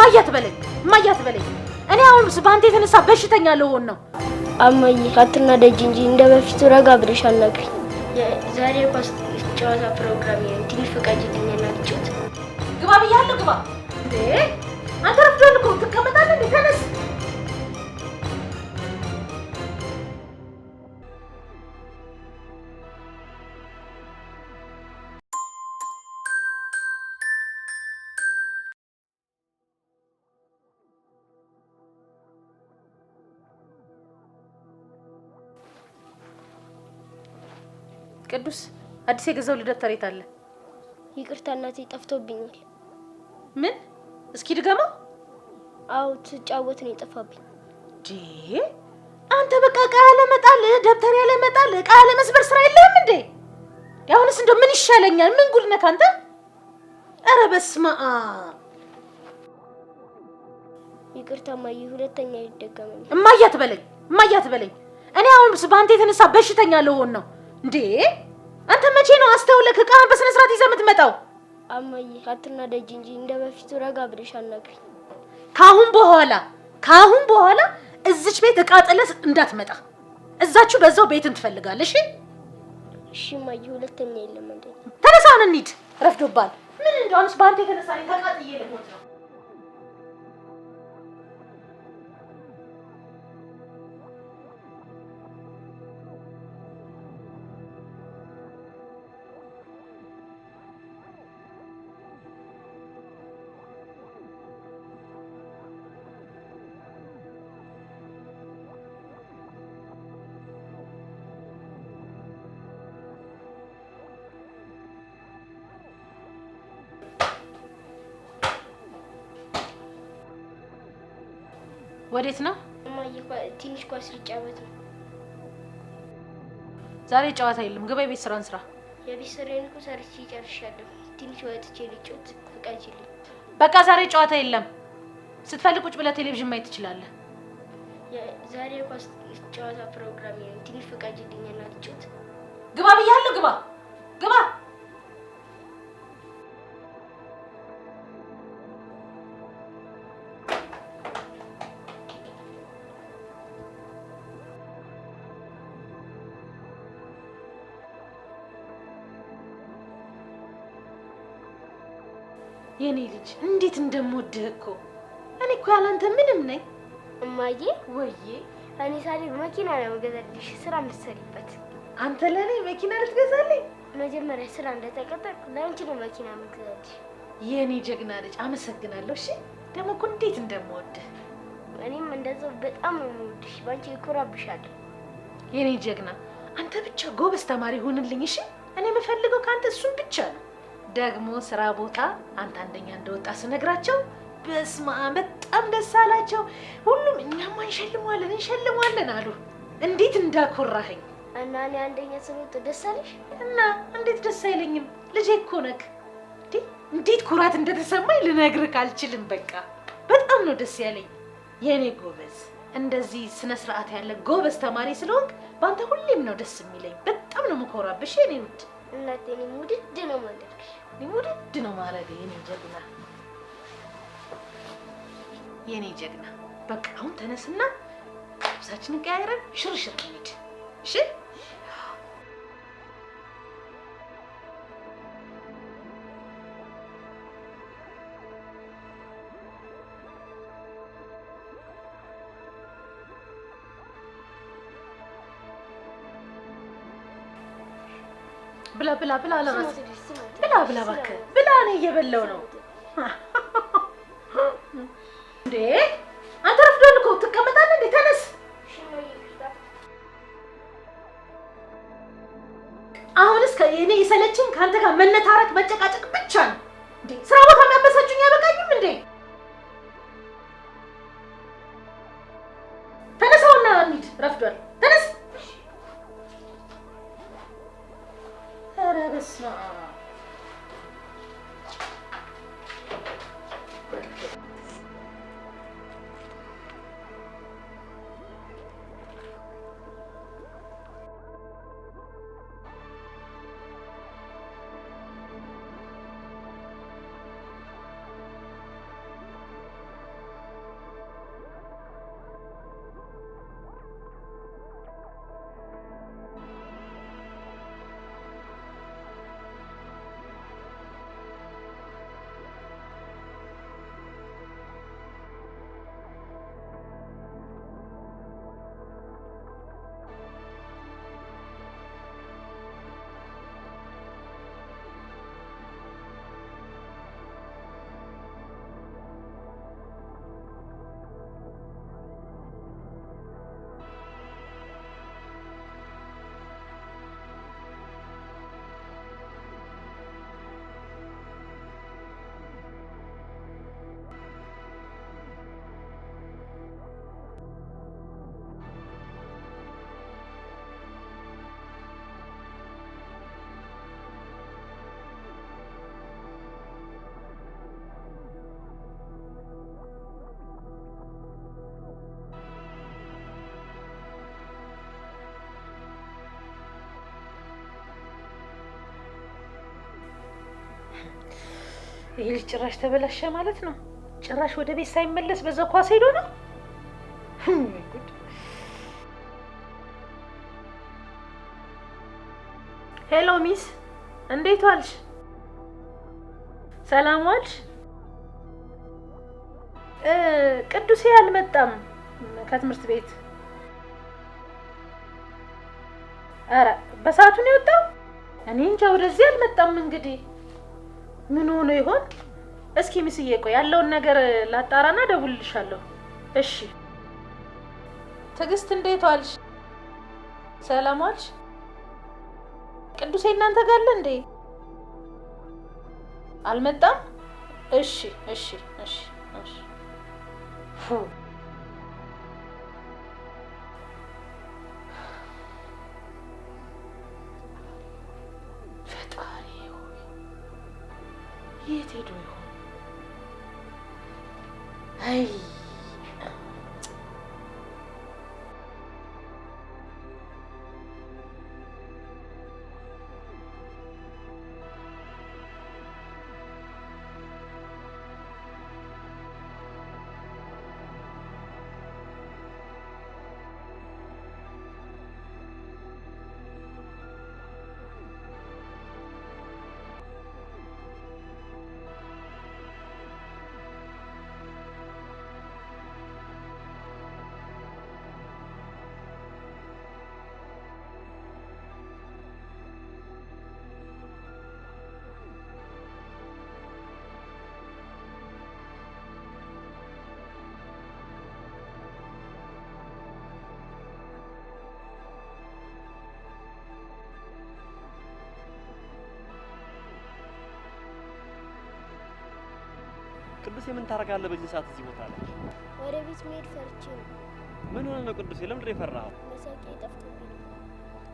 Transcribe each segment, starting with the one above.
እማያት በለኝ እማያት በለኝ። እኔ አሁን በአንተ የተነሳ በሽተኛ ልሆን ነው። አማዬ አትናደጂ እንጂ እንደ በፊቱ ረጋ ብለሽ አናግሪኝ። ዛሬ ኳስ ጨዋታ ፕሮግራም ትንሽ ፈቃጅ ግባ ብያለሁ። ግባ እንዴ! አንተ ረፍዶልኮ ትቀመጣለህ። ተነስ ቅዱስ አዲስ የገዛው ልደት ተሬት አለ። ይቅርታ እናቴ ጠፍቶብኛል። ምን? እስኪ ድገማ። አዎ ትጫወት ነው የጠፋብኝ። ዲ አንተ በቃ እቃ ያለመጣል ደብተር ያለመጣል እቃ ያለመስበር ስራ የለህም እንዴ? አሁንስ እንደው ምን ይሻለኛል? ምን ጉድ ነህ አንተ? ኧረ በስመ አብ። ይቅርታ እማዬ፣ ሁለተኛ ይደገመኛል። እማዬ አትበለኝ፣ እማዬ አትበለኝ። እኔ አሁን በአንተ የተነሳ በሽተኛ ልሆን ነው እንዴ አንተ መቼ ነው አስተውለህ እቃህን በስነ ስርዓት ይዘህ የምትመጣው? አማዬ አትናደጂ እንጂ እንደ በፊቱ ረጋ ብለሽ አናግሪኝ። ካሁን በኋላ ካሁን በኋላ እዚች ቤት እቃ ጥለህ እንዳትመጣ። እዛችሁ በዛው ቤትን ትፈልጋለሽ። እሺ እማዬ፣ ሁለተኛ የለም። እንዴ ተነሳን እንሂድ፣ ረፍዶባል። ምን እንደሆነስ በአንተ የተነሳ ተቃጥዬ ልሞት ነው። ወዴት ነው? ትንሽ ኳስ ልጫወት ነው። ዛሬ ጨዋታ የለም። ግባ የቤት ስራን ስራ። የቤት ስራዬን እኮ ሰርቼ ጨርሻለሁ። ትንሽ ወጥቼ ልጫወት ፍቃጅልኝ። በቃ ዛሬ ጨዋታ የለም። ስትፈልግ ቁጭ ብለህ ቴሌቪዥን ማየት ትችላለህ። ዛሬ ኳስ ጨዋታ ፕሮግራም ትንሽ ፍቃጅልኝ። እናት ጩት ግባ ብያለሁ። ግባ ግባ የኔ ልጅ እንዴት እንደምወድህ እኮ እኔ እኮ ያላንተ ምንም ነኝ። እማዬ ወዬ፣ እኔ ሳልሄድ መኪና ነው የምገዛልሽ፣ ስራ የምትሰሪበት። አንተ ለእኔ መኪና ልትገዛልኝ? መጀመሪያ ስራ እንደተቀጠርኩ ለአንቺ ነው መኪና የምትገዛልሽ። የእኔ ጀግና ልጅ አመሰግናለሁ። እሺ ደግሞ እኮ እንዴት እንደምወድህ እኔም እንደዛው በጣም ነው የምወድሽ። በአንቺ እኮራብሻለሁ። የኔ ጀግና አንተ ብቻ ጎበዝ ተማሪ ሆንልኝ። እሺ እኔ የምፈልገው ከአንተ እሱን ብቻ ነው። ደግሞ ስራ ቦታ አንተ አንደኛ እንደወጣ ስነግራቸው በስማ በጣም ደስ አላቸው። ሁሉም እኛማ እንሸልመዋለን እንሸልመዋለን አሉ። እንዴት እንዳኮራኸኝ እና እኔ አንደኛ ስሜት ደስ አለሽ እና እንዴት ደስ አይለኝም? ልጄ እኮ ነክ እንዴት ኩራት እንደተሰማኝ ልነግርህ አልችልም። በቃ በጣም ነው ደስ ያለኝ የእኔ ጎበዝ። እንደዚህ ስነ ስርዓት ያለ ጎበዝ ተማሪ ስለሆንክ በአንተ ሁሌም ነው ደስ የሚለኝ። በጣም ነው የምኮራብሽ የኔ ውድ እናቴ እኔም ውድድ ነው ማለትሽ፣ ውድድ ነው ማለት የኔ ጀግና፣ የኔ ጀግና። በቃ አሁን ተነስና ልብሳችንን ቀያይረን ሽርሽር እንሂድ። እሺ ብላ ብላ ብላ ለራስ ብላ ብላ እባክህ ብላ። እኔ እየበላሁ ነው እንዴ። አንተ ረፍዶን እኮ ትቀመጣለህ እንዴ? ተነስ። አሁንስ እኔ የሰለችኝ ከአንተ ጋር መነታረክ መጨቃጨቅ ብቻ ነው። ስራ ቦታ የሚያበሳጩኝ አይበቃኝም እንዴ? ይህ ልጅ ጭራሽ ተበላሸ ማለት ነው። ጭራሽ ወደ ቤት ሳይመለስ በዛ ኳስ ሄዶ ነው። ሄሎ ሚስ፣ እንዴት ዋልሽ? ሰላም ዋልሽ? ቅዱሴ አልመጣም ከትምህርት ቤት። ኧረ በሰዓቱ የወጣው። እኔ እንጃ፣ ወደዚህ አልመጣም እንግዲህ ምን ሆኖ ይሆን? እስኪ ሚስዬ ቆይ ያለውን ነገር ላጣራና ደውልልሻለሁ። እሺ ትዕግስት፣ እንዴት ዋልሽ? ሰላም ዋልሽ? ቅዱሴ እናንተ ጋር አለ እንዴ? አልመጣም? እሺ እሺ እሺ እሺ 你最追我。哎。ቅዱሴ ምን ታደርጋለህ በዚህ ሰዓት እዚህ ቦታ ላይ? ወደ ቤት መሄድ ፈርቼ ነው። ምን ሆነ ነው ቅዱሴ? ለምንድን የፈራኸው? መሳቂ ጠፍቶብኝ።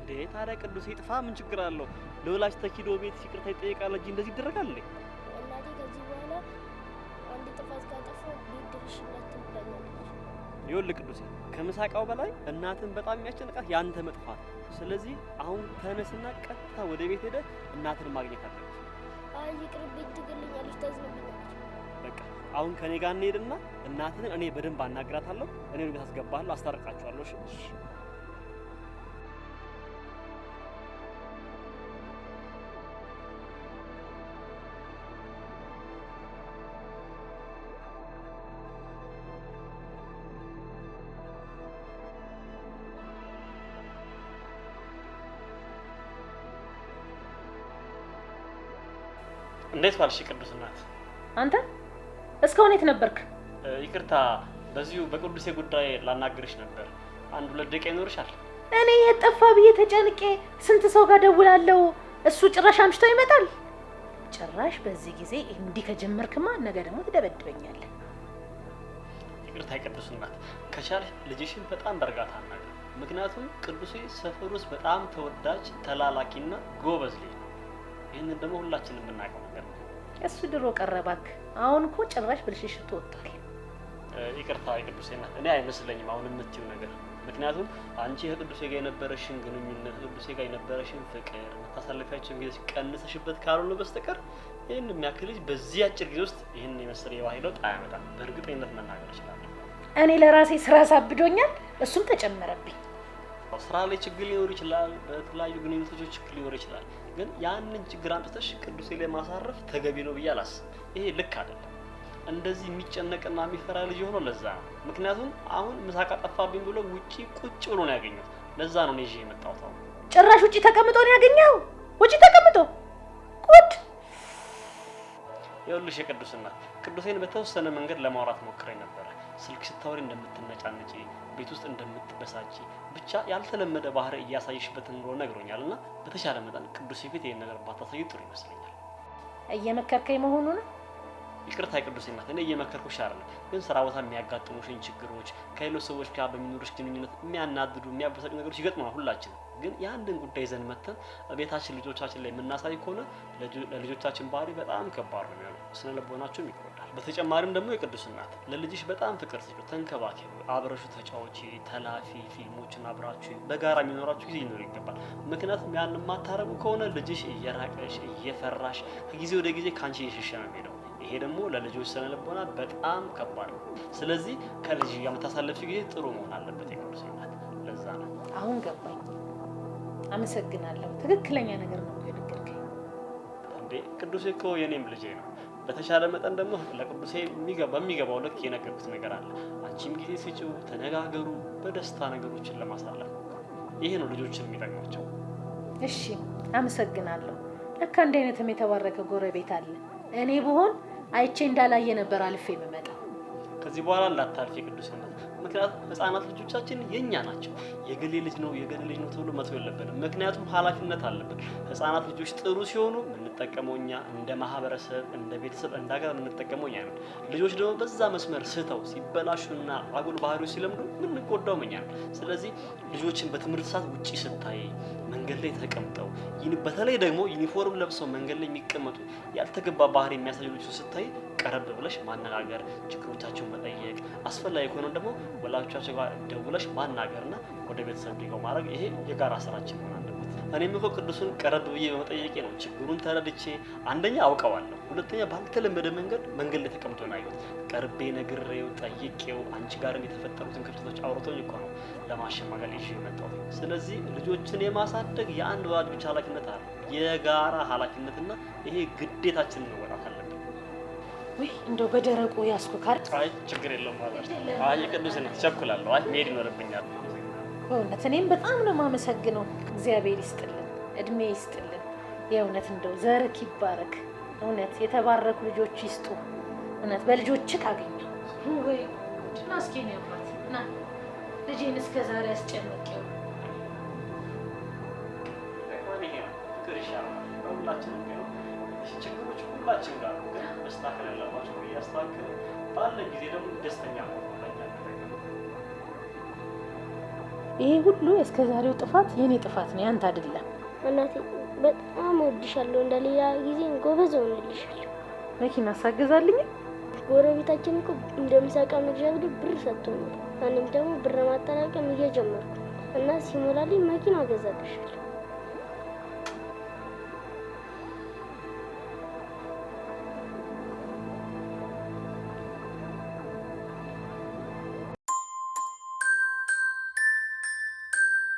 እንዴ ታዲያ ቅዱሴ ጥፋ፣ ምን ችግር አለው? ለወላጅ ተኪዶ ቤት ይቅርታ ይጠይቃል እንጂ እንደዚህ ይደረጋል እንዴ? እናቴ ከዚህ በኋላ አንድ ጥፋት ካጠፋ ቤት ድርሽ እንዳትብለኛለች። ይኸውልህ ቅዱሴ ከምሳቃው በላይ እናትን በጣም የሚያስጨንቃት ያንተ መጥፋት። ስለዚህ አሁን ተነስና ቀጥታ ወደ ቤት ሄደህ እናትን ማግኘት አለብህ። አይ ይቅርብኝ፣ ትግልኛለች፣ ታዝንብኛለች አሁን ከኔ ጋር እንሄድና እናትን እኔ በደንብ አናግራታለሁ። እኔ ቤት አስገባለሁ፣ አስታርቃችኋለሁ። እሺ እንዴት ባልሽ ቅዱስ እናት አንተ እስካሁን የት ነበርክ? ይቅርታ፣ በዚሁ በቅዱሴ ጉዳይ ላናግርሽ ነበር። አንድ ሁለት ደቂቃ ይኖርሻል? እኔ የጠፋ ብዬ ተጨንቄ ስንት ሰው ጋር ደውላለሁ። እሱ ጭራሽ አምሽቶ ይመጣል። ጭራሽ በዚህ ጊዜ እንዲህ ከጀመርክማ ነገ ደግሞ ትደበድበኛለህ። ይቅርታ የቅዱስ እናት፣ ከቻልሽ ልጅሽን በጣም በእርጋታ አናግሪ። ምክንያቱም ቅዱሴ ሰፈር ውስጥ በጣም ተወዳጅ ተላላኪና ጎበዝ ልጅ ነው። ይህንን ደግሞ ሁላችንም የምናውቀው እሱ ድሮ ቀረባክ። አሁን እኮ ጭራሽ ብልሽሽቱ ወጣል። ይቅርታ ቅዱሴና እኔ አይመስለኝም አሁን የምትይው ነገር ምክንያቱም አንቺ ከቅዱሴ ጋር የነበረሽን ግንኙነት ከቅዱሴ ጋር የነበረሽን ፍቅር የምታሳልፊያቸውን ጊዜ ቀንሰሽበት ካልሆነ በስተቀር ይህን የሚያክል ልጅ በዚህ አጭር ጊዜ ውስጥ ይህን የመሰለ የባህል ለውጥ አያመጣም። በእርግጠኝነት መናገር እችላለሁ። እኔ ለራሴ ስራ ሳብዶኛል፣ እሱም ተጨመረብኝ። ስራ ላይ ችግር ሊኖር ይችላል። በተለያዩ ግንኙነቶች ችግር ሊኖር ይችላል። ግን ያንን ችግር አምጥተሽ ቅዱሴ ላይ ማሳረፍ ተገቢ ነው ብዬ አላስብም። ይሄ ልክ አይደለም። እንደዚህ የሚጨነቅና የሚፈራ ልጅ የሆነው ለዛ ነው። ምክንያቱም አሁን ምሳ ካጠፋብኝ ብሎ ውጪ ቁጭ ብሎ ነው ያገኘው። ለዛ ነው እኔ ይዤ የመጣሁት። አሁን ጭራሽ ውጪ ተቀምጦ ነው ያገኘው። ውጪ ተቀምጦ ቁድ ይኸውልሽ የቅዱስና ቅዱሴን በተወሰነ መንገድ ለማውራት ሞክሬ ነበረ። ስልክ ስታወሪ እንደምትነጫነጪ፣ ቤት ውስጥ እንደምትበሳጪ ብቻ ያልተለመደ ባህሪ እያሳየሽበት እንደሆነ ነግሮኛል እና በተሻለ መጠን ቅዱስ ፊት ይህን ነገር ባታሳይ ጥሩ ይመስለኛል። እየመከርከኝ መሆኑ ነው? ይቅርታ ቅዱስ ናት። እኔ እየመከርኩሽ አይደለም፣ ግን ስራ ቦታ የሚያጋጥሙሽን ችግሮች ከሌሎች ሰዎች ጋር በሚኖርሽ ግንኙነት የሚያናድዱ የሚያበሳጩ ነገሮች ይገጥሙናል ሁላችንም። ግን የአንድን ጉዳይ ዘን መተን ቤታችን ልጆቻችን ላይ የምናሳይ ከሆነ ለልጆቻችን ባህሪ በጣም ከባድ ነው የሚሆነው፣ ስነ ልቦናቸውም በተጨማሪም ደግሞ የቅዱስ እናት ለልጅሽ በጣም ፍቅር ስጪው፣ ተንከባከቢ፣ አብረሹ ተጫዎች፣ ተላፊ ፊልሞችን አብራችሁ በጋራ የሚኖራችሁ ጊዜ ይኖር ይገባል። ምክንያቱም ያን የማታረጉ ከሆነ ልጅሽ እየራቀሽ እየፈራሽ ከጊዜ ወደ ጊዜ ከአንቺ እየሸሸ ነው የሚሄደው። ይሄ ደግሞ ለልጆች ስነ ልቦና በጣም ከባድ ነው። ስለዚህ ከልጅ ጋር የምታሳለፊ ጊዜ ጥሩ መሆን አለበት። የቅዱስ እናት ለዛ ነው። አሁን ገባኝ። አመሰግናለሁ። ትክክለኛ ነገር ነው የነገርከኝ። ቅዱሴ እኮ የኔም ልጄ ነው በተሻለ መጠን ደግሞ ለቅዱሴ በሚገባው ልክ የነገርኩት ነገር አለ። አንቺም ጊዜ ሲጭ ተነጋገሩ፣ በደስታ ነገሮችን ለማሳለፍ ይሄ ነው ልጆችን የሚጠቅማቸው። እሺ፣ አመሰግናለሁ። ለካ እንዲህ አይነትም የተባረከ ጎረቤት አለ። እኔ ብሆን አይቼ እንዳላየ ነበር አልፌ የምመጣው። ከዚህ በኋላ እንዳታልፍ ቅዱስነት። ምክንያቱም ህፃናት ልጆቻችን የእኛ ናቸው። የገሌ ልጅ ነው የገሌ ልጅ ነው ተብሎ መተው የለብንም። ምክንያቱም ኃላፊነት አለብን። ህፃናት ልጆች ጥሩ ሲሆኑ የምንጠቀመው እኛ፣ እንደ ማህበረሰብ፣ እንደ ቤተሰብ፣ እንደ ሀገር የምንጠቀመው እኛ ነው። ልጆች ደግሞ በዛ መስመር ስተው ሲበላሹና አጉል ባህሪ ሲለምዱ የምንጎዳው እኛ ነው። ስለዚህ ልጆችን በትምህርት ሰዓት ውጪ ስታይ፣ መንገድ ላይ ተቀምጠው፣ በተለይ ደግሞ ዩኒፎርም ለብሰው መንገድ ላይ የሚቀመጡ ያልተገባ ባህሪ የሚያሳዩ ልጆች ስታይ ቀረብ ብለሽ ማነጋገር፣ ችግሮቻቸውን መጠየቅ፣ አስፈላጊ ከሆነ ደግሞ ወላጆቻቸው ጋር ደውለሽ ማናገርና ወደ ቤተሰብ እንዲገቡ ማድረግ ይሄ የጋራ ስራችን ሆን አለበት። እኔም እኮ ቅዱስን ቀረብ ብዬ በመጠየቄ ነው ችግሩን ተረድቼ አንደኛ አውቀዋለሁ፣ ሁለተኛ ባልተለመደ መንገድ መንገድ ላይ ተቀምጦ ነው ያየሁት። ቀርቤ ነግሬው ጠይቄው አንቺ ጋርም የተፈጠሩትን ክፍተቶች አውርቶኝ እኮ ነው ለማሸማገል ይዤ የመጣሁት። ስለዚህ ልጆችን የማሳደግ የአንድ ወላጅ ብቻ ኃላፊነት አለ የጋራ ኃላፊነትና ይሄ ግዴታችን ነው። ወይ እንደው በደረቁ ያስኩ ካርድ። አይ ችግር የለውም ማለት ነው። አይ ነው ቸኩላለሁ። አይ መሄድ ይኖርብኛል። በእውነት እኔም በጣም ነው የማመሰግነው። እግዚአብሔር ይስጥልን፣ እድሜ ይስጥልን። የእውነት እንደው ዘርክ ይባረክ። እውነት የተባረኩ ልጆች ይስጡ። እውነት በልጆች ካገኘ ወይ ያባት ና ልጄን እስከ ዛሬ ሁላችንም ችግሮች ሁላችን ጋር ማስተካከል ያለባቸው እያስተካከለ ባለ ጊዜ ደግሞ ደስተኛ ይሄ ሁሉ እስከ ዛሬው ጥፋት የኔ ጥፋት ነው፣ ያንተ አይደለም። እናቴ በጣም ወድሻለሁ። እንደ ጊዜ ጎበዝ ሆንልሻለሁ። መኪና ሳገዛልኝ ጎረቤታችን እኮ እንደምሳቃ ምሳቃ መግዣ ብር ሰጥቶኛል። እኔም ደግሞ ብር ማጠራቀም እየጀመርኩ እና ሲሞላልኝ መኪና አገዛልሻለሁ።